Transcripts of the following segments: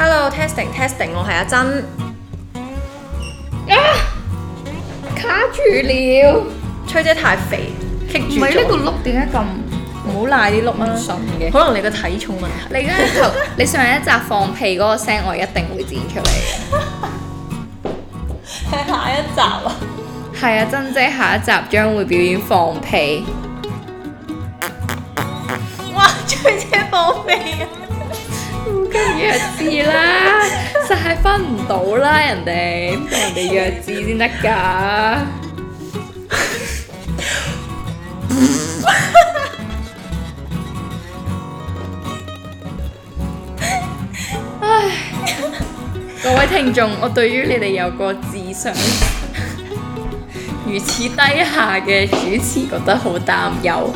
Hello testing testing，我係阿珍啊。卡住了，崔姐太肥，棘住唔係呢個碌點解咁？唔好賴啲碌啊！嗯、可能你個體重問題。你而家頭 你上一集放屁嗰個聲，我一定會剪出嚟。係 下一集啊！係 啊，珍姐下一集將會表演放屁。 哇！崔姐放屁啊！弱智啦，實係分唔到啦，人哋同人哋弱智先得㗎。 唉，各位聽眾，我對於你哋有個智商 如此低下嘅主持，覺得好擔憂。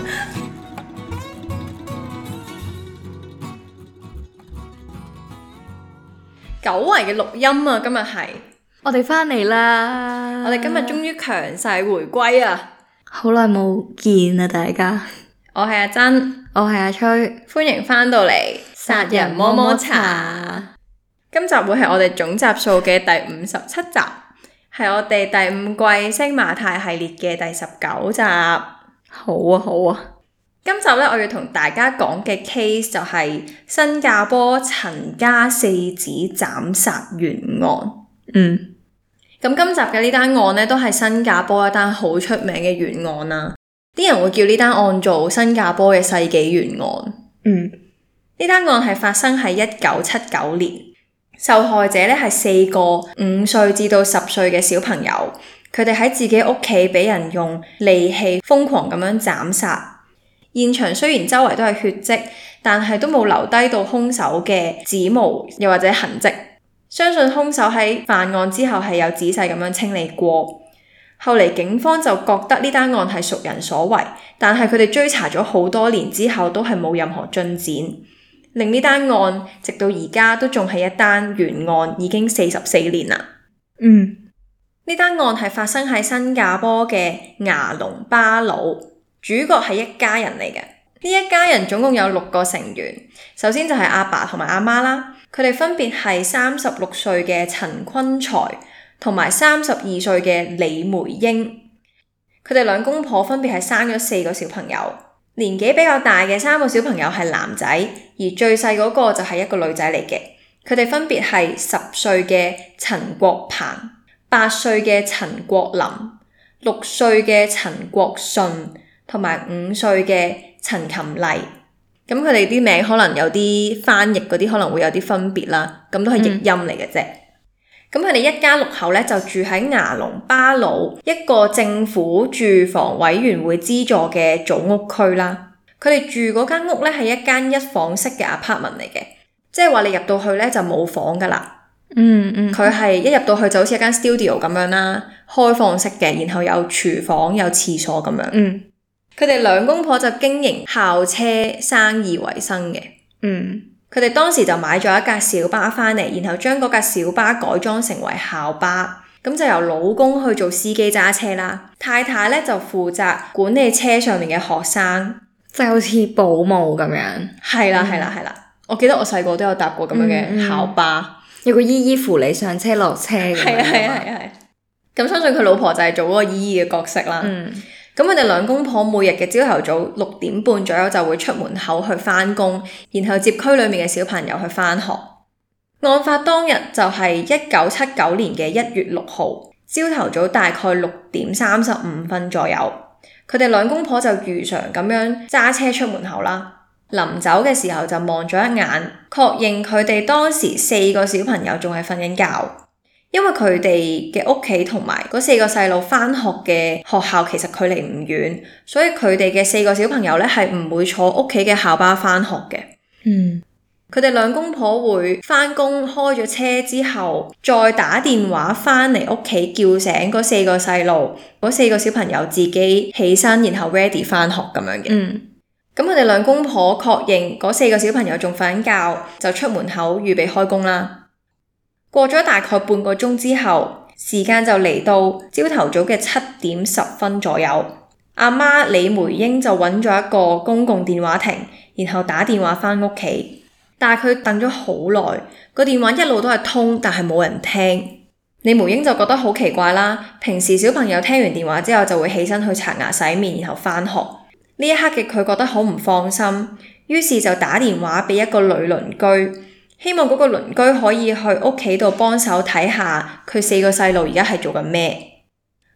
久違嘅錄音啊！今日係我哋翻嚟啦，我哋今日終於強勢回歸啊！好耐冇見啊，大家。我係阿珍，我係阿崔，歡迎翻到嚟殺人摸摸茶。今集會係我哋總集數嘅第五十七集，係我哋第五季星馬泰系列嘅第十九集。好啊，好啊。今集咧，我要同大家講嘅 case 就係新加坡陳家四子斬殺懸案。嗯，咁今集嘅呢單案咧，都係新加坡一單好出名嘅懸案啦。啲人會叫呢單案做新加坡嘅世紀懸案。嗯，呢單案係發生喺一九七九年，受害者咧係四個五歲至到十歲嘅小朋友，佢哋喺自己屋企俾人用利器瘋狂咁樣斬殺。現場雖然周圍都係血跡，但係都冇留低到兇手嘅指模又或者痕跡。相信兇手喺犯案之後係有仔細咁樣清理過。後嚟警方就覺得呢單案係熟人所為，但係佢哋追查咗好多年之後都係冇任何進展，令呢單案直到而家都仲係一單懸案，已經四十四年啦。嗯，呢單案係發生喺新加坡嘅牙龍巴魯。主角係一家人嚟嘅。呢一家人總共有六個成員。首先就係阿爸同埋阿媽啦，佢哋分別係三十六歲嘅陳坤才同埋三十二歲嘅李梅英。佢哋兩公婆分別係生咗四個小朋友。年紀比較大嘅三個小朋友係男仔，而最細嗰個就係一個女仔嚟嘅。佢哋分別係十歲嘅陳國鵬、八歲嘅陳國林、六歲嘅陳國順。同埋五歲嘅陳琴麗，咁佢哋啲名可能有啲翻譯嗰啲可能會有啲分別啦，咁都係譯音嚟嘅啫。咁佢哋一家六口咧就住喺牙籠巴魯一個政府住房委員會資助嘅組屋區啦。佢哋住嗰間屋咧係一間一房式嘅 apartment 嚟嘅，即係話你入到去咧就冇房噶啦。嗯，嗯嗯，佢係一入到去就好似一間 studio 咁樣啦，開放式嘅，然後有廚房有廁所咁樣。嗯。佢哋兩公婆就經營校車生意為生嘅，嗯，佢哋當時就買咗一架小巴翻嚟，然後將嗰架小巴改裝成為校巴，咁就由老公去做司機揸車啦，太太咧就負責管理車上面嘅學生，就好似保姆咁樣，係啦係啦係啦，我記得我細個都有搭過咁樣嘅校巴，嗯嗯嗯，有個姨姨扶你上車落車，係呀係呀係呀係，咁相信佢老婆就係做嗰個姨姨嘅角色啦。嗯咁佢哋兩公婆每日嘅朝頭早六點半左右就會出門口去翻工，然後接區裏面嘅小朋友去翻學。案發當日就係一九七九年嘅一月六號，朝頭早大概六點三十五分左右，佢哋兩公婆就如常咁樣揸車出門口啦。臨走嘅時候就望咗一眼，確認佢哋當時四個小朋友仲係瞓緊覺。因為佢哋嘅屋企同埋嗰四個細路返學嘅學校其實距離唔遠，所以佢哋嘅四個小朋友咧係唔會坐屋企嘅校巴返學嘅。嗯，佢哋兩公婆會返工開咗車之後，再打電話返嚟屋企叫醒嗰四個細路，嗰四個小朋友自己起身然後 ready 返學咁樣嘅。嗯，咁佢哋兩公婆確認嗰四個小朋友仲瞓緊覺，就出門口預備開工啦。過咗大概半個鐘之後，時間就嚟到朝頭早嘅七點十分左右。阿媽李梅英就揾咗一個公共電話亭，然後打電話返屋企。但係佢等咗好耐，個電話一路都係通，但係冇人聽。李梅英就覺得好奇怪啦。平時小朋友聽完電話之後就會起身去刷牙、洗面，然後返學。呢一刻嘅佢覺得好唔放心，於是就打電話俾一個女鄰居。希望嗰個鄰居可以去屋企度幫手睇下佢四個細路而家係做緊咩？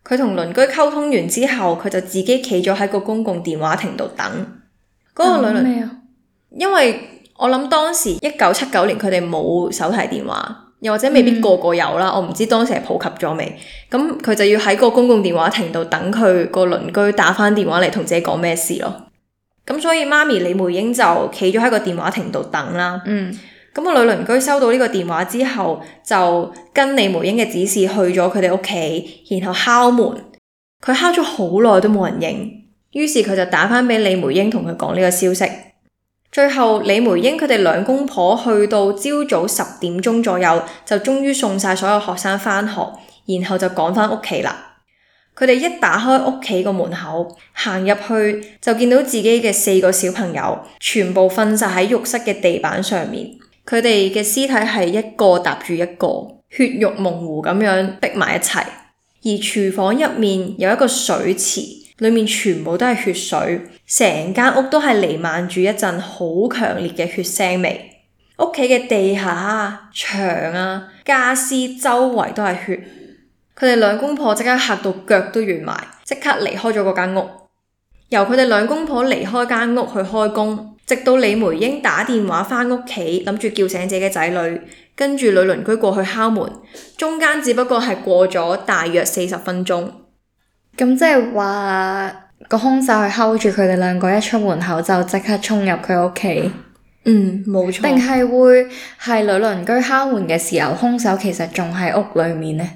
佢同鄰居溝通完之後，佢就自己企咗喺個公共電話亭度等。嗰個女鄰居，因為我諗當時一九七九年佢哋冇手提電話，又或者未必個個有啦，我唔知當時係普及咗未。咁佢就要喺個公共電話亭度等佢個鄰居打翻電話嚟同自己講咩事咯。咁所以媽咪李梅英就企咗喺個電話亭度等啦。嗯。咁個女鄰居收到呢個電話之後，就跟李梅英嘅指示去咗佢哋屋企，然後敲門。佢敲咗好耐都冇人應，於是佢就打返俾李梅英，同佢講呢個消息。最後李梅英佢哋兩公婆去到朝早十點鐘左右，就終於送晒所有學生返學，然後就趕返屋企啦。佢哋一打開屋企個門口，行入去就見到自己嘅四個小朋友全部瞓晒喺浴室嘅地板上面。佢哋嘅屍體係一個搭住一個，血肉模糊咁樣逼埋一齊。而廚房入面有一個水池，裡面全部都係血水，成間屋都係瀰漫住一陣好強烈嘅血腥味。屋企嘅地下、牆啊、傢俬周圍都係血。佢哋兩公婆即刻嚇到腳都軟埋，即刻離開咗嗰間屋。由佢哋兩公婆離開間屋去開工。直到李梅英打電話返屋企，諗住叫醒自己嘅仔女，跟住女鄰居過去敲門，中間只不過係過咗大約四十分鐘。咁、嗯、即係話個兇手係 hold 住佢哋兩個一出門口就即刻衝入佢屋企。嗯，冇錯。定係會係女鄰居敲門嘅時候，兇手其實仲喺屋裏面呢？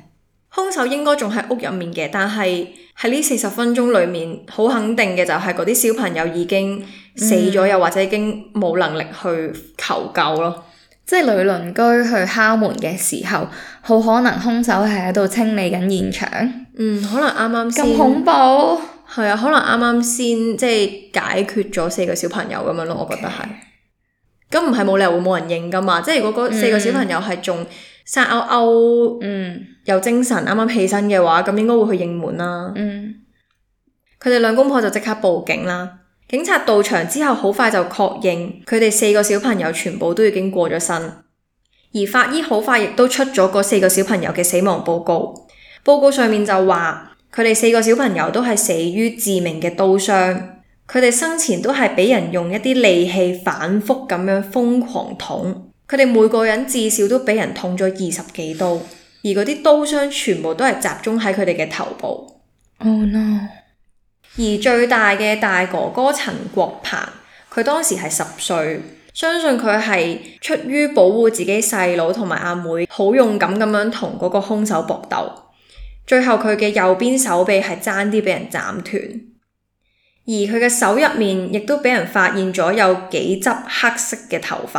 兇手應該仲喺屋入面嘅，但係喺呢四十分鐘裏面，好肯定嘅就係嗰啲小朋友已經。死咗，又或者已經冇能力去求救咯，即係女鄰居去敲門嘅時候，好可能兇手係喺度清理緊現場。嗯，可能啱啱先咁恐怖。係啊，可能啱啱先即係解決咗四個小朋友咁樣咯，Okay. 我覺得係。咁唔係冇理由會冇人應噶嘛？嗯、即係如果嗰四個小朋友係仲生勾勾，嗯，有精神，啱啱起身嘅話，咁應該會去應門啦。嗯，佢哋兩公婆就即刻報警啦。警察到場之後，好快就確認佢哋四個小朋友全部都已經過咗身，而法醫好快亦都出咗嗰四個小朋友嘅死亡報告。報告上面就話，佢哋四個小朋友都係死於致命嘅刀傷，佢哋生前都係俾人用一啲利器反覆咁樣瘋狂捅，佢哋每個人至少都俾人捅咗二十幾刀，而嗰啲刀傷全部都係集中喺佢哋嘅頭部。Oh no！而最大嘅大哥哥陳國鵬，佢當時係十歲，相信佢係出於保護自己細佬同埋阿妹，好勇敢咁樣同嗰個兇手搏鬥。最後佢嘅右邊手臂係爭啲俾人斬斷，而佢嘅手入面亦都俾人發現咗有幾執黑色嘅頭髮，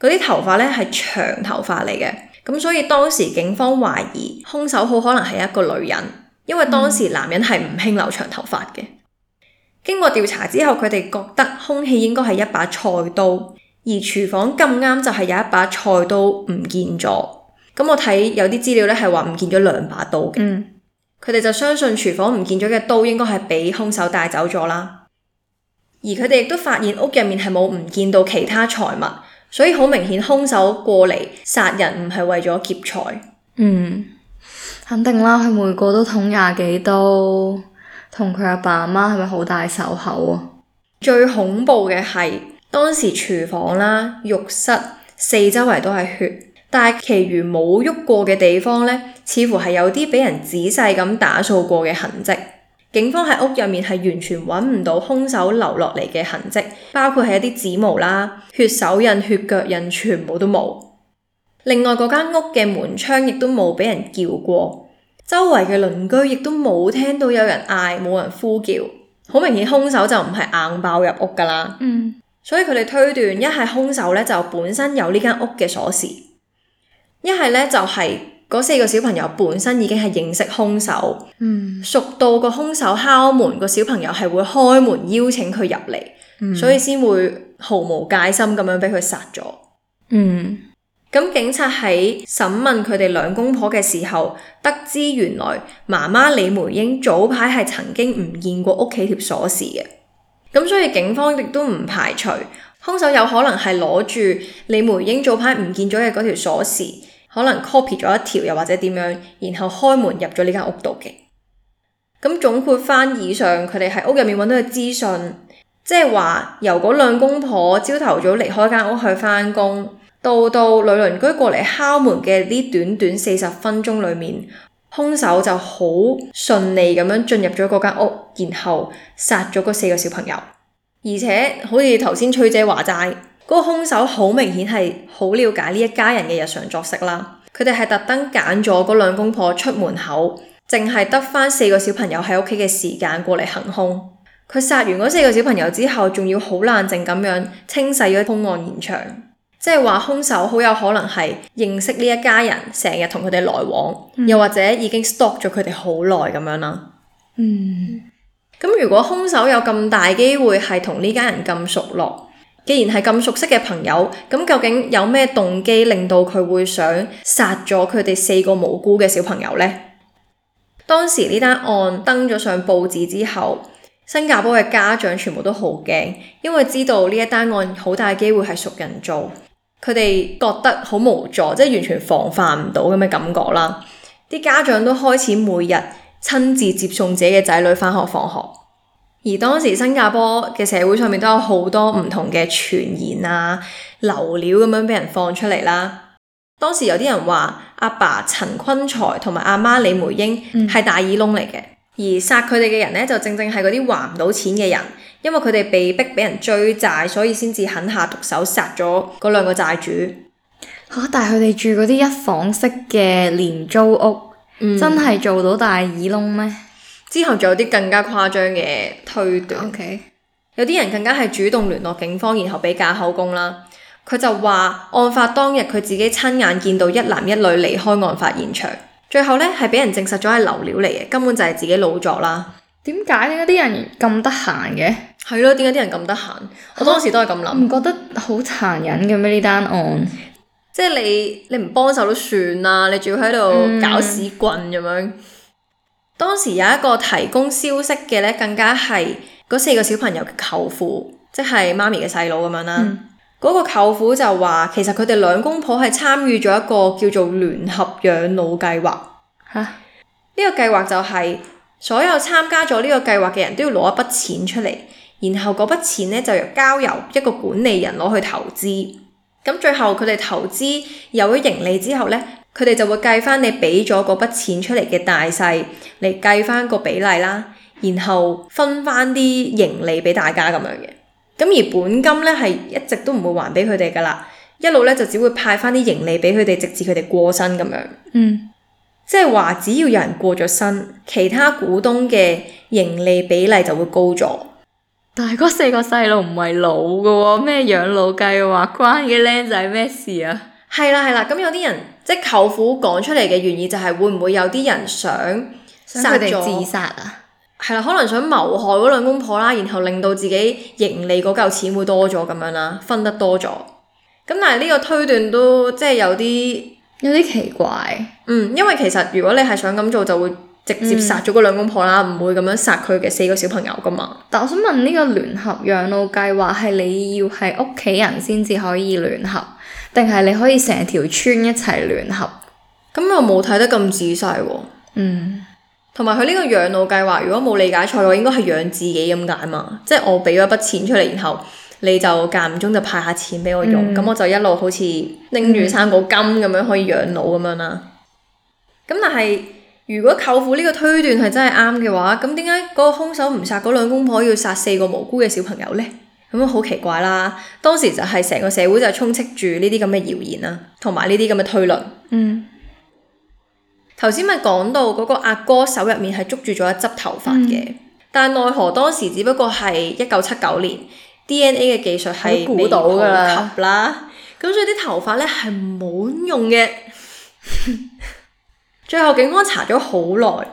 嗰啲頭髮咧係長頭髮嚟嘅，咁所以當時警方懷疑兇手好可能係一個女人。因為當時男人係唔興留長頭髮嘅。經過調查之後，佢哋覺得兇器應該係一把菜刀，而廚房咁啱就係有一把菜刀唔見咗。咁我睇有啲資料咧係話唔見咗兩把刀嘅。佢哋、嗯、就相信廚房唔見咗嘅刀應該係俾凶手帶走咗啦。而佢哋亦都發現屋入面係冇唔見到其他財物，所以好明顯凶手過嚟殺人唔係為咗劫財。嗯。肯定啦，佢每個都捅廿幾刀，同佢阿爸阿媽係咪好大仇口啊？最恐怖嘅係當時廚房啦、浴室四周圍都係血，但係其餘冇喐過嘅地方呢，似乎係有啲俾人仔細咁打掃過嘅痕跡。警方喺屋入面係完全搵唔到凶手留落嚟嘅痕跡，包括係一啲指模啦、血手印、血腳印，全部都冇。另外嗰間屋嘅門窗亦都冇俾人叫過，周圍嘅鄰居亦都冇聽到有人嗌，冇人呼叫，好明顯凶手就唔係硬爆入屋噶啦。嗯，所以佢哋推斷一係凶手咧就本身有呢間屋嘅鎖匙，一係咧就係、是、嗰四個小朋友本身已經係認識凶手，嗯，熟到個凶手敲門個小朋友係會開門邀請佢入嚟，嗯，所以先會毫無戒心咁樣俾佢殺咗。嗯。咁警察喺審問佢哋兩公婆嘅時候，得知原來媽媽李梅英早排係曾經唔見過屋企條鎖匙嘅。咁所以警方亦都唔排除凶手有可能係攞住，李梅英早排唔見咗嘅嗰條鎖匙，可能 copy 咗一條又或者點樣，然後開門入咗呢間屋度嘅。咁總括翻以上，佢哋喺屋入面揾到嘅資訊，即係話由嗰兩公婆朝頭早離開間屋去翻工。到到女鄰居過嚟敲門嘅呢短短四十分鐘裏面，兇手就好順利咁樣進入咗嗰間屋，然後殺咗嗰四個小朋友。而且好似頭先崔姐話齋，嗰個兇手好明顯係好了解呢一家人嘅日常作息啦。佢哋係特登揀咗嗰兩公婆出門口，淨係得返四個小朋友喺屋企嘅時間過嚟行兇。佢殺完嗰四個小朋友之後，仲要好冷靜咁樣清洗咗兇案現場。即係話，兇手好有可能係認識呢一家人，成日同佢哋來往，嗯、又或者已經 stop s t o p 咗佢哋好耐咁樣啦。嗯，咁如果兇手有咁大機會係同呢家人咁熟絡，既然係咁熟悉嘅朋友，咁究竟有咩動機令到佢會想殺咗佢哋四個無辜嘅小朋友呢？當時呢單案登咗上報紙之後，新加坡嘅家長全部都好驚，因為知道呢一單案好大機會係熟人做。佢哋覺得好無助，即係完全防範唔到咁嘅感覺啦。啲家長都開始每日親自接送自己嘅仔女返學放學。而當時新加坡嘅社會上面都有好多唔同嘅傳言啊、流料咁樣俾人放出嚟啦。當時有啲人話阿爸陳坤才同埋阿媽李梅英係大耳窿嚟嘅，而殺佢哋嘅人呢，就正正係嗰啲還唔到錢嘅人。因為佢哋被逼俾人追債，所以先至狠下毒手殺咗嗰兩個債主。吓、哦！但係佢哋住嗰啲一房式嘅廉租屋，嗯、真係做到大耳窿咩？之後仲有啲更加誇張嘅推斷。Okay. 有啲人更加係主動聯絡警方，然後俾假口供啦。佢就話案發當日佢自己親眼見到一男一女離開案發現場。最後呢，係俾人證實咗係流料嚟嘅，根本就係自己老作啦。點解呢？啲人咁得閒嘅？係咯，點解啲人咁得閒？我當時都係咁諗。唔覺得好殘忍嘅咩呢單案？即係你你唔幫手都算啦，你仲要喺度搞屎棍咁樣。嗯、當時有一個提供消息嘅咧，更加係嗰四個小朋友嘅舅父，即係媽咪嘅細佬咁樣啦。嗰、嗯、個舅父就話，其實佢哋兩公婆係參與咗一個叫做聯合養老計劃。吓蛤，呢個計劃就係所有參加咗呢個計劃嘅人都要攞一筆錢出嚟。然後嗰筆錢咧就由交由一個管理人攞去投資，咁最後佢哋投資有咗盈利之後咧，佢哋就會計翻你俾咗嗰筆錢出嚟嘅大細，嚟計翻個比例啦，然後分翻啲盈利俾大家咁樣嘅。咁而本金咧係一直都唔會還俾佢哋噶啦，一路咧就只會派翻啲盈利俾佢哋，直至佢哋過身咁樣。嗯，即係話只要有人過咗身，其他股東嘅盈利比例就會高咗。大哥四個細路唔係老嘅喎，咩養老計劃關嘅僆仔咩事啊？係啦係啦，咁有啲人即係、就是、舅父講出嚟嘅原意就係會唔會有啲人想殺咗佢哋自殺啊？係啦，可能想謀害嗰兩公婆啦，然後令到自己盈利嗰嚿錢會多咗咁樣啦，分得多咗。咁但係呢個推斷都即係有啲有啲奇怪。嗯，因為其實如果你係想咁做，就會。直接殺咗嗰兩公婆啦，唔、嗯、會咁樣殺佢嘅四個小朋友噶嘛？但我想問呢、這個聯合養老計劃係你要係屋企人先至可以聯合，定係你可以成條村一齊聯合？咁我冇睇得咁仔細、啊。嗯，同埋佢呢個養老計劃，如果冇理解錯，我應該係養自己咁解嘛？即、就、係、是、我俾咗一筆錢出嚟，然後你就間唔中就派下錢俾我用，咁、嗯、我就一路好似拎住生果金咁樣可以養老咁樣啦。咁、嗯嗯、但係。如果舅父呢個推斷係真係啱嘅話，咁點解嗰個兇手唔殺嗰兩公婆，要殺四個無辜嘅小朋友呢？咁樣好奇怪啦！當時就係成個社會就充斥住呢啲咁嘅謠言啦，同埋呢啲咁嘅推論。嗯，頭先咪講到嗰個阿哥手入面係捉住咗一撮頭髮嘅，嗯、但奈何當時只不過係一九七九年，DNA 嘅技術係估到噶啦，咁所以啲頭髮咧係冇用嘅。 最後警方查咗好耐，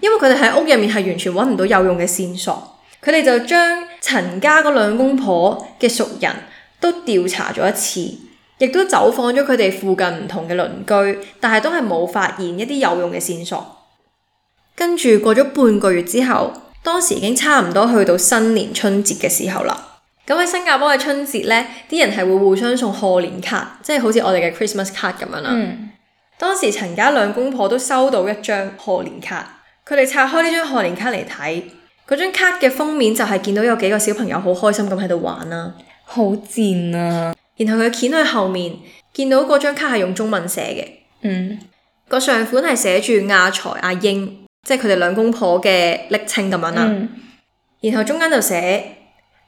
因為佢哋喺屋入面係完全揾唔到有用嘅線索，佢哋就將陳家嗰兩公婆嘅熟人都調查咗一次，亦都走訪咗佢哋附近唔同嘅鄰居，但係都係冇發現一啲有用嘅線索。跟住過咗半個月之後，當時已經差唔多去到新年春節嘅時候啦。咁喺新加坡嘅春節呢，啲人係會互相送賀年卡，即係好似我哋嘅 Christmas card 咁樣啦。嗯當時陳家兩公婆都收到一張賀年卡，佢哋拆開呢張賀年卡嚟睇，嗰張卡嘅封面就係見到有幾個小朋友好開心咁喺度玩啦，好賤啊！然後佢掀去後面，見到嗰張卡係用中文寫嘅，嗯，個上款係寫住阿財阿英，即係佢哋兩公婆嘅昵稱咁樣啦。嗯、然後中間就寫：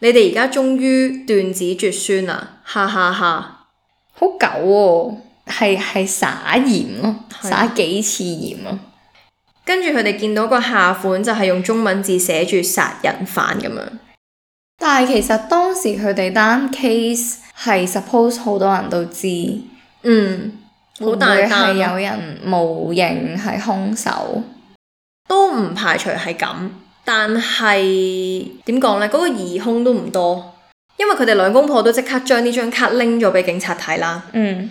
你哋而家終於斷子絕孫啦，哈哈哈，好狗、哦。係係撒鹽咯，撒幾次鹽咯。的跟住佢哋見到個下款就係用中文字寫住殺人犯咁樣。但係其實當時佢哋單 case 係 suppose 好多人都知，嗯，好大係有人無認係兇手，嗯、都唔排除係咁。但係點講呢？嗰、嗰個疑兇都唔多，因為佢哋兩公婆都即刻將呢張卡拎咗俾警察睇啦。嗯。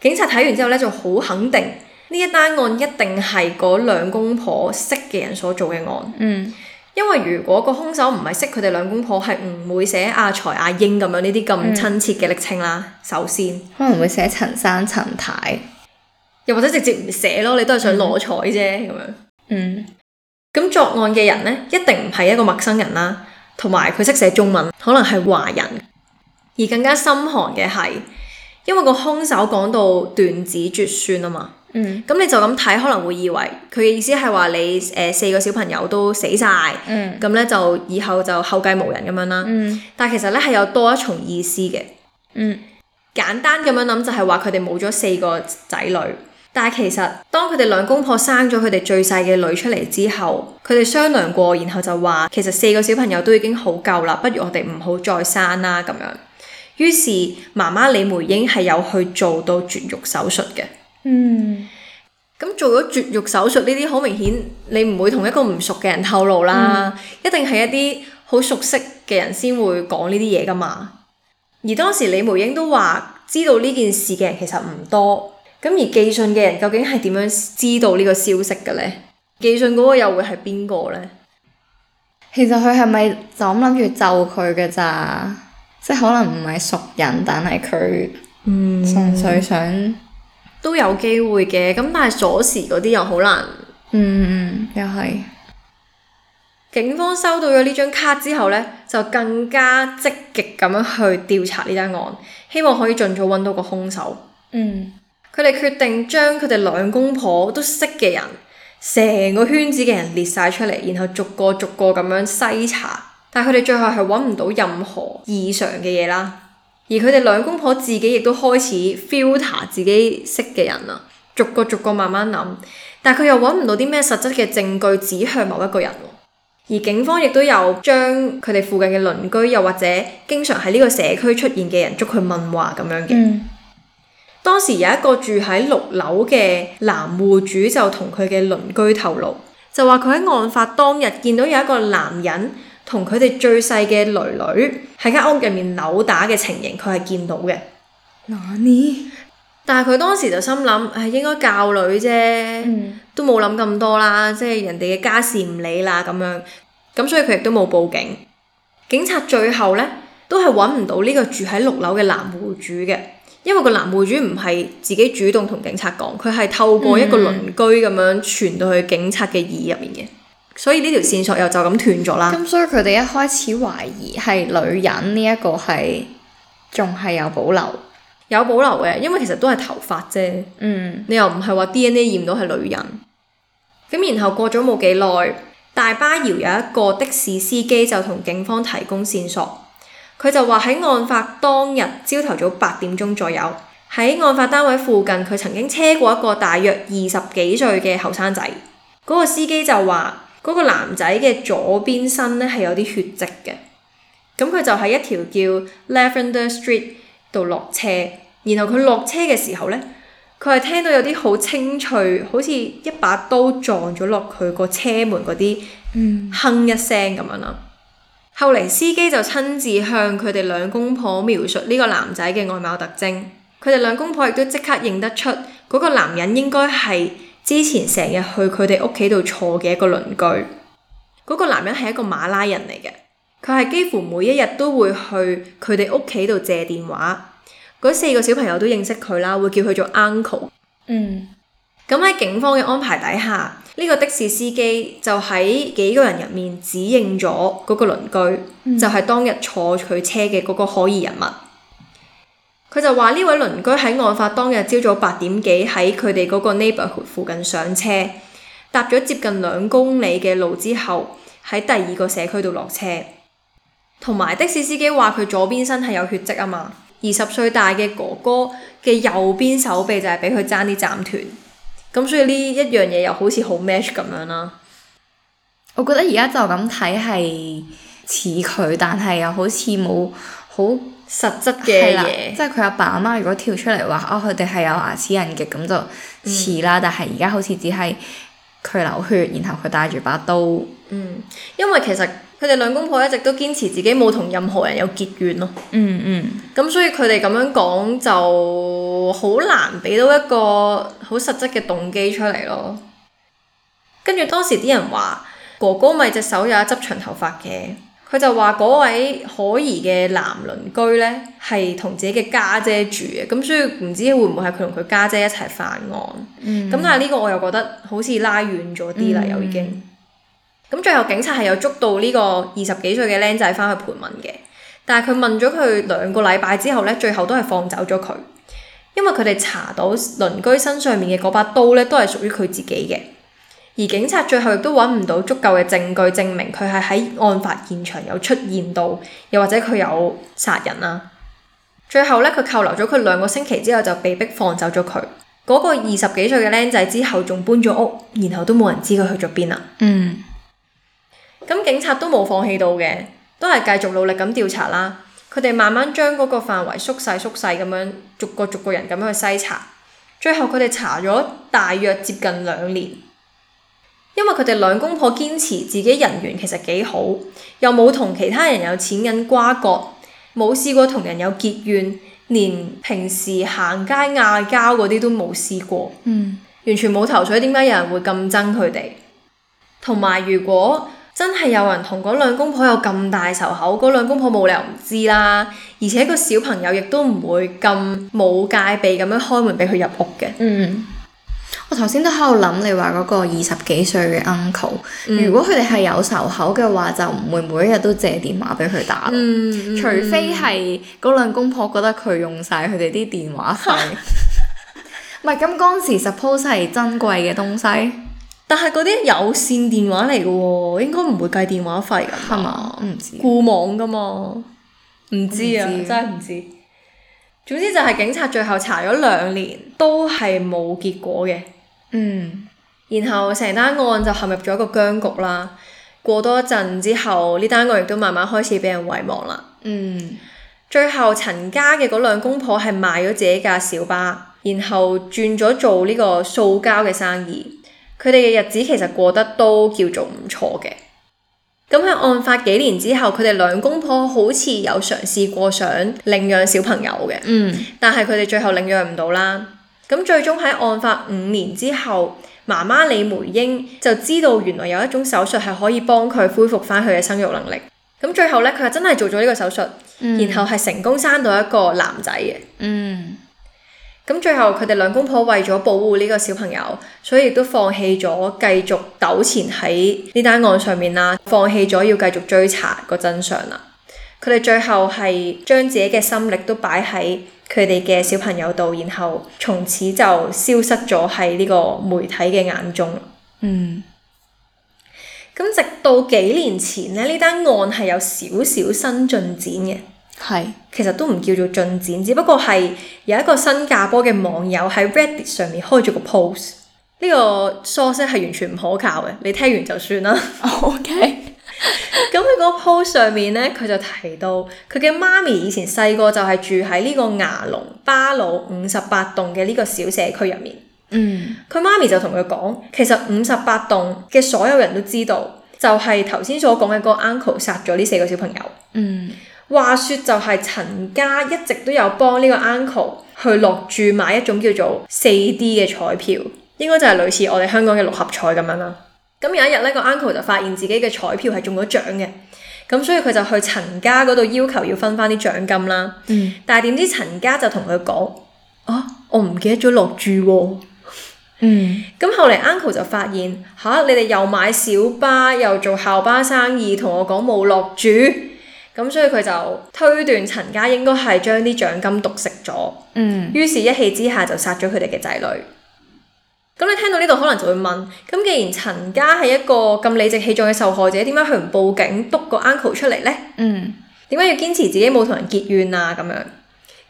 警察睇完之後咧，就好肯定呢一單案一定係嗰兩公婆識嘅人所做嘅案。嗯，因為如果個兇手唔係識佢哋兩公婆，係唔會寫阿財阿英咁樣呢啲咁親切嘅暱稱啦。嗯、首先，可能會寫陳生陳太，又或者直接唔寫咯。你都係想攞彩啫咁、嗯、樣。嗯，咁作案嘅人呢，一定唔係一個陌生人啦，同埋佢識寫中文，可能係華人。而更加心寒嘅係。因為個兇手講到斷子絕孫啊嘛，咁、嗯、你就咁睇可能會以為佢嘅意思係話你誒、呃、四個小朋友都死晒，咁咧、嗯、就以後就後繼無人咁樣啦。嗯、但係其實咧係有多一重意思嘅。嗯、簡單咁樣諗就係話佢哋冇咗四個仔女，但係其實當佢哋兩公婆生咗佢哋最細嘅女出嚟之後，佢哋商量過，然後就話其實四個小朋友都已經好夠啦，不如我哋唔好再生啦咁樣。於是，媽媽李梅英係有去做到絕育手術嘅。嗯，咁做咗絕育手術呢啲，好明顯你唔會同一個唔熟嘅人透露啦，嗯、一定係一啲好熟悉嘅人先會講呢啲嘢噶嘛。而當時李梅英都話知道呢件事嘅人其實唔多，咁而寄信嘅人究竟係點樣知道呢個消息嘅呢？寄信嗰個又會係邊個呢？其實佢係咪就咁諗住咒佢嘅咋？即係可能唔係熟人，但係佢純粹想、嗯、都有機會嘅。咁但係鎖匙嗰啲又好難。嗯，又係警方收到咗呢張卡之後呢，就更加積極咁樣去調查呢單案，希望可以盡早揾到個兇手。嗯，佢哋決定將佢哋兩公婆都識嘅人，成個圈子嘅人列晒出嚟，然後逐個逐個咁樣篩查，但係佢哋最後係揾唔到任何異常嘅嘢啦，而佢哋兩公婆自己亦都開始 filter 自己識嘅人啦，逐個逐個慢慢諗，但係佢又揾唔到啲咩實質嘅證據指向某一個人。而警方亦都有將佢哋附近嘅鄰居，又或者經常喺呢個社區出現嘅人捉佢問話咁樣嘅。嗯、當時有一個住喺六樓嘅男戶主就同佢嘅鄰居透露，就話佢喺案發當日見到有一個男人，同佢哋最細嘅女女喺間屋入面扭打嘅情形，佢係見到嘅。里但係佢當時就心諗，係應該教女啫，嗯、都冇諗咁多啦，即係人哋嘅家事唔理啦咁樣。咁所以佢亦都冇報警。警察最後呢都係揾唔到呢個住喺六樓嘅男戶主嘅，因為個男戶主唔係自己主動同警察講，佢係透過一個鄰居咁樣傳到去警察嘅耳入面嘅。嗯所以呢條線索又就咁斷咗啦。咁所以佢哋一開始懷疑係女人呢一個係仲係有保留，有保留嘅，因為其實都係頭髮啫。嗯，你又唔係話 DNA 驗到係女人。咁然後過咗冇幾耐，大巴窑有一個的士司機就同警方提供線索，佢就話喺案發當日朝頭早八點鐘左右，喺案發單位附近，佢曾經車過一個大約二十幾歲嘅後生仔。嗰個司機就話，嗰個男仔嘅左邊身咧係有啲血跡嘅，咁佢就喺一條叫 Lavender Street 度落車，然後佢落車嘅時候咧，佢係聽到有啲好清脆，好似一把刀撞咗落佢個車門嗰啲，哼一聲咁樣啦。嗯、後嚟司機就親自向佢哋兩公婆描述呢個男仔嘅外貌特徵，佢哋兩公婆亦都即刻認得出嗰個男人應該係之前成日去佢哋屋企度坐嘅一個鄰居，嗰個男人係一個馬拉人嚟嘅，佢係幾乎每一日都會去佢哋屋企度借電話。嗰四個小朋友都認識佢啦，會叫佢做 uncle。嗯，咁喺警方嘅安排底下，呢個的士司機就喺幾個人入面指認咗嗰個鄰居，嗯、就係當日坐佢車嘅嗰個可疑人物。佢就話呢位鄰居喺案發當日朝早八點幾喺佢哋嗰個 neighborhood 附近上車，搭咗接近兩公里嘅路之後，喺第二個社區度落車。同埋的士司機話佢左邊身係有血跡啊嘛，二十歲大嘅哥哥嘅右邊手臂就係俾佢爭啲斬斷，咁所以呢一樣嘢又好似好 match 咁樣啦。我覺得而家就咁睇係似佢，但係又好似冇。好實質嘅嘢，即係佢阿爸阿媽如果跳出嚟話，哦，佢哋係有牙齒印嘅，咁就似啦。嗯、但係而家好似只係佢流血，然後佢帶住把刀，嗯。因為其實佢哋兩公婆一直都堅持自己冇同任何人有結怨，嗯嗯、咯。嗯，咁所以佢哋咁樣講就好難俾到一個好實質嘅動機出嚟咯。跟住當時啲人話，哥哥咪隻手有一執長頭髮嘅。佢就話嗰位可疑嘅男鄰居呢，係同自己嘅家姐，姐住嘅，咁所以唔知會唔會係佢同佢家姐一齊犯案。咁、嗯、但係呢個我又覺得好似拉遠咗啲啦，嗯、又已經。咁最後警察係有捉到呢個二十幾歲嘅僆仔翻去盤問嘅，但係佢問咗佢兩個禮拜之後呢，最後都係放走咗佢，因為佢哋查到鄰居身上面嘅嗰把刀呢，都係屬於佢自己嘅。而警察最後亦都揾唔到足夠嘅證據證明佢係喺案發現場有出現到，又或者佢有殺人啦。最後呢，佢扣留咗佢兩個星期之後就被逼放走咗佢。嗰個二十幾歲嘅僆仔之後仲搬咗屋，然後都冇人知佢去咗邊啦。嗯，咁警察都冇放棄到嘅，都係繼續努力咁調查啦。佢哋慢慢將嗰個範圍縮細縮細咁樣，逐個逐個人咁樣去篩查。最後佢哋查咗大約接近兩年。因為佢哋兩公婆堅持自己人緣其實幾好，又冇同其他人有錢銀瓜葛，冇試過同人有結怨，連平時行街嗌交，嗰啲都冇試過，嗯、完全冇頭緒。點解有人會咁憎佢哋？同埋如果真係有人同嗰兩公婆有咁大仇口，嗰兩公婆冇理由唔知啦。而且個小朋友亦都唔會咁冇戒備咁樣開門俾佢入屋嘅。嗯。我頭先都喺度諗，你話嗰個二十幾歲嘅 uncle，如果佢哋係有仇口嘅話，就唔會每一日都借電話俾佢打。嗯、除非係嗰兩公婆覺得佢用晒佢哋啲電話費。唔係， 咁嗰時 suppose 係珍貴嘅東西，但係嗰啲有綫電話嚟嘅喎，應該唔會計電話費噶，係嘛？固網噶嘛？唔知啊，唔知，真係唔知。總之就係警察最後查咗兩年，都係冇結果嘅。嗯，然後成單案就陷入咗一個僵局啦。過多一陣之後，呢單案亦都慢慢開始畀人遺忘啦。嗯，最後陳家嘅嗰兩公婆係賣咗自己架小巴，然後轉咗做呢個塑膠嘅生意。佢哋嘅日子其實過得都叫做唔錯嘅。咁喺案發幾年之後，佢哋兩公婆好似有嘗試試過想領養小朋友嘅。嗯，但係佢哋最後領養唔到啦。咁最終喺案發五年之後，媽媽李梅英就知道原來有一種手術係可以幫佢恢復翻佢嘅生育能力。咁最後呢，佢係真係做咗呢個手術，嗯、然後係成功生到一個男仔嘅。嗯，咁最後佢哋兩公婆為咗保護呢個小朋友，所以亦都放棄咗繼續糾纏喺呢單案上面啦，放棄咗要繼續追查個真相啦。佢哋最後係將自己嘅心力都擺喺佢哋嘅小朋友度，然後從此就消失咗喺呢個媒體嘅眼中。嗯，咁直到幾年前呢，呢單案係有少少新進展嘅。係，其實都唔叫做進展，只不過係有一個新加坡嘅網友喺 Reddit 上面開咗個 post。呢個 source 係完全唔可靠嘅，你聽完就算啦。Oh, OK。咁喺嗰 post 上面咧，佢就提到佢嘅媽咪以前細個就係住喺呢個牙龍巴魯五十八棟嘅呢個小社區入面。嗯，佢媽咪就同佢講，其實五十八棟嘅所有人都知道，就係頭先所講嘅嗰 uncle 殺咗呢四個小朋友。嗯，話說就係陳家一直都有幫呢個 uncle 去落注買一種叫做四 D 嘅彩票，應該就係類似我哋香港嘅六合彩咁樣啦。咁有一日咧，個 uncle 就發現自己嘅彩票係中咗獎嘅，咁所以佢就去陳家嗰度要求要分翻啲獎金啦。嗯，但係點知陳家就同佢講：啊，我唔記得咗落注喎。嗯，咁後嚟 uncle 就發現吓，你哋又買小巴，又做校巴生意，同我講冇落注，咁所以佢就推斷陳家應該係將啲獎金獨食咗。嗯，於是，一氣之下就殺咗佢哋嘅仔女。咁你聽到呢度可能就會問：咁既然陳家係一個咁理直氣壯嘅受害者，點解佢唔報警督個 uncle 出嚟呢？嗯，點解要堅持自己冇同人結怨啊？咁樣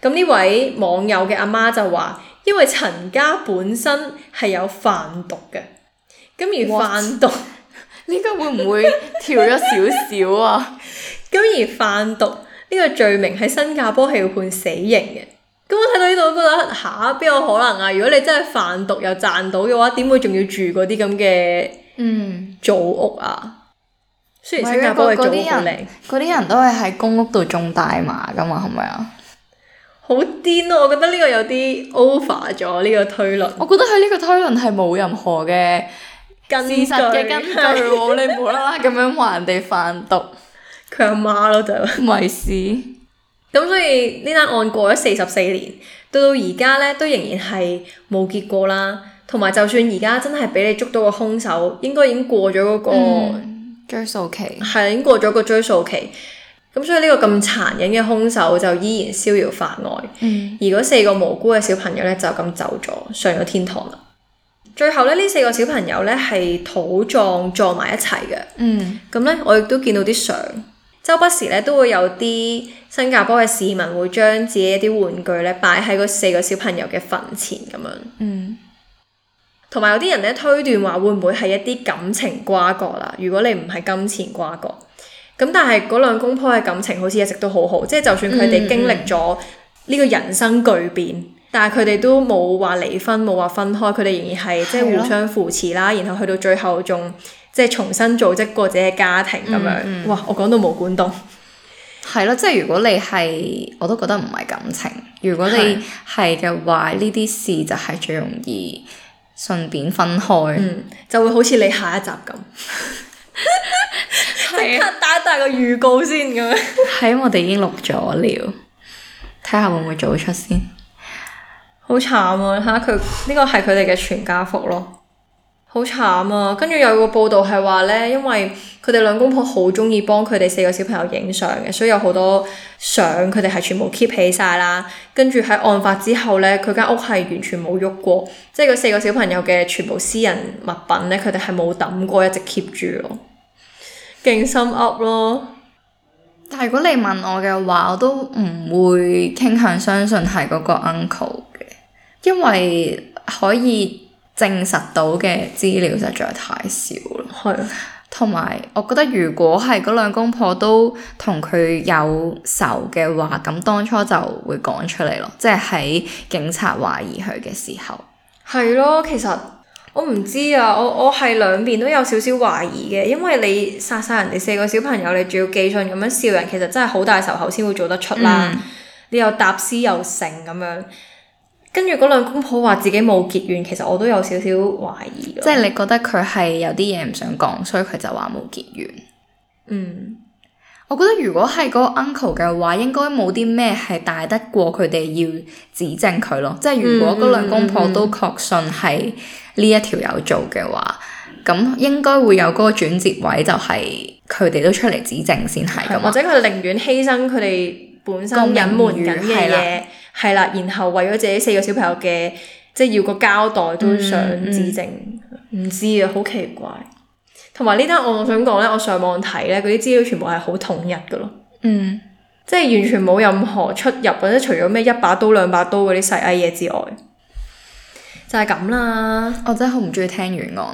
咁呢位網友嘅阿媽就話：因為陳家本身係有販毒嘅，咁而販毒呢個 What? 會唔會跳咗少少啊？咁 而販毒呢、呢個罪名喺新加坡係要判死刑嘅。咁我睇到呢度，我覺得吓，邊、啊、有可能啊？如果你真係販毒又賺到嘅話，點會仲要住嗰啲咁嘅嗯組屋啊？雖然新加坡嘅組屋好靚，嗰啲人，人都係喺公屋度種大麻㗎嘛，係咪啊？好癲啊，我覺得呢個有啲 over 咗呢、這個推論。我覺得喺呢個推論係冇任何嘅據事實嘅根據喎、哦。 你無啦啦咁樣話人哋販毒，佢阿 媽，媽咯就咪、嗯、事。咁所以呢單案過咗四十四年，到到而家咧，都仍然係冇結果啦。同埋就算而家真係俾你捉到個兇手，應該已經過咗嗰個、嗯、追訴期，係已經過咗個追訴期。咁所以呢個咁殘忍嘅兇手就依然逍遙法外。嗯、而嗰四個無辜嘅小朋友咧，就咁走咗上咗天堂啦。最後咧，呢四個小朋友咧係土葬葬埋一齊嘅。嗯，咁咧，我亦都見到啲相。周不時咧都會有啲新加坡嘅市民會將自己啲玩具咧擺喺嗰四個小朋友嘅墳前咁樣。嗯，同埋有啲人咧推斷話會唔會係一啲感情瓜葛啦？如果你唔係金錢瓜葛，咁但係嗰兩公婆嘅感情好似一直都好好，嗯、即係就算佢哋經歷咗呢個人生巨變，嗯、但係佢哋都冇話離婚冇話分開，佢哋仍然係即係互相扶持啦，的然後去到最後仲。即係重新組織過自己嘅家庭咁樣，哇、嗯嗯！我講到冇觀眾，係咯，即係如果你係，我都覺得唔係感情。如果你係嘅話，呢啲的事就係最容易順便分開，嗯嗯、就會好似你下一集咁。即刻打大個預告先咁。係啊，我哋已經錄咗了，睇下會唔會早出先。好慘啊！吓，佢呢個係佢哋嘅全家福咯。好慘啊！跟住有個報道係話咧，因為佢哋兩公婆好中意幫佢哋四個小朋友影相嘅，所以有好多相佢哋係全部 keep 起晒啦。跟住喺案發之後咧，佢間屋係完全冇喐過，即係佢四個小朋友嘅全部私人物品咧，佢哋係冇抌過，一直 keep 住咯，勁心噏咯。但係如果你問我嘅話，我都唔會傾向相信係嗰個 uncle 嘅，因為可以。證實到嘅資料實在太少啦，係啊，同埋我覺得如果係嗰兩公婆都同佢有仇嘅話，咁當初就會講出嚟咯，即係喺警察懷疑佢嘅時候。係咯，其實我唔知啊，我我係兩邊都有少少懷疑嘅，因為你殺晒人哋四個小朋友，你仲要寄信咁樣笑人，其實真係好大仇口先會做得出啦，嗯、你又搭私又成咁樣。跟住嗰兩公婆話自己冇結怨，其實我都有少少懷疑。即係你覺得佢係有啲嘢唔想講，所以佢就話冇結怨。嗯，我覺得如果係嗰個 uncle 嘅話，應該冇啲咩係大得過佢哋要指證佢咯。即係如果嗰兩公婆都確信係呢一條友做嘅話，咁、嗯、應該會有嗰個轉折位，就係佢哋都出嚟指證先係。或者佢寧願犧牲佢哋。本身隱瞞緊嘅嘢，係啦了了，然後為咗自己四個小朋友嘅，即、就、係、是、要個交代，都想指證，唔、嗯嗯、知啊，好、嗯、奇怪。同埋呢單案，我想講咧，我上網睇咧，嗰啲資料全部係好統一嘅咯。嗯，即係完全冇任何出入，或者除咗咩一把刀兩把刀嗰啲細矮嘢之外，就係咁啦。我真係 好唔中意聽冤案。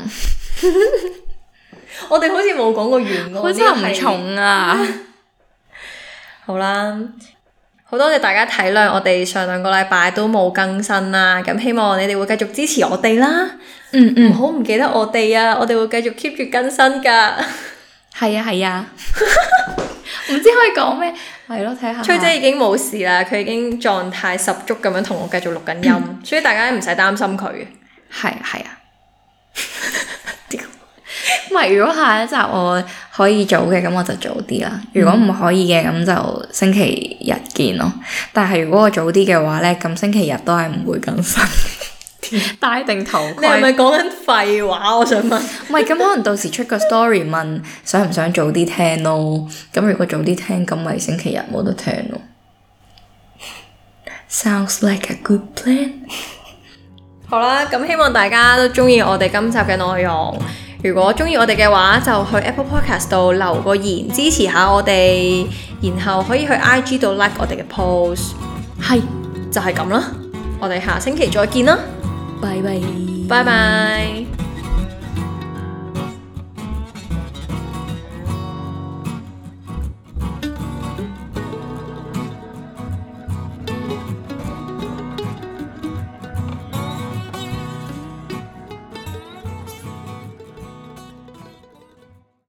我哋好似冇講過冤案，真係唔重啊！ 好啦，好多謝，謝大家體諒，我哋上兩個禮拜都冇更新啦，咁希望你哋會繼續支持我哋啦。嗯嗯，唔好唔記得我哋啊，我哋會繼續 keep 住更新噶。係啊係啊，唔、啊、 知可以講咩？係咯， 睇下。崔 姐已經冇事啦，佢已經狀態十足咁樣同我繼續錄緊音，嗯、所以大家唔使擔心佢。係係啊。 咪如果下一集我可以早嘅，咁我就早啲啦。如果唔可以嘅，咁就星期日見咯。但係如果我早啲嘅話呢，咁星期日都係唔會更新 戴定頭盔。你係咪講緊廢話？ 我想問，唔係咁可能到時出個 story 問 想唔想早啲聽咯。咁如果早啲聽，咁咪星期日冇得聽咯。 Sounds like a good plan 好。好啦，咁希望大家都中意我哋今集嘅內容。如果中意我哋嘅話，就去 Apple Podcast 度留個言支持下我哋，然後可以去 IG 度 like 我哋嘅 post 係。係就係咁啦，我哋下星期再見啦，拜拜拜拜。Bye bye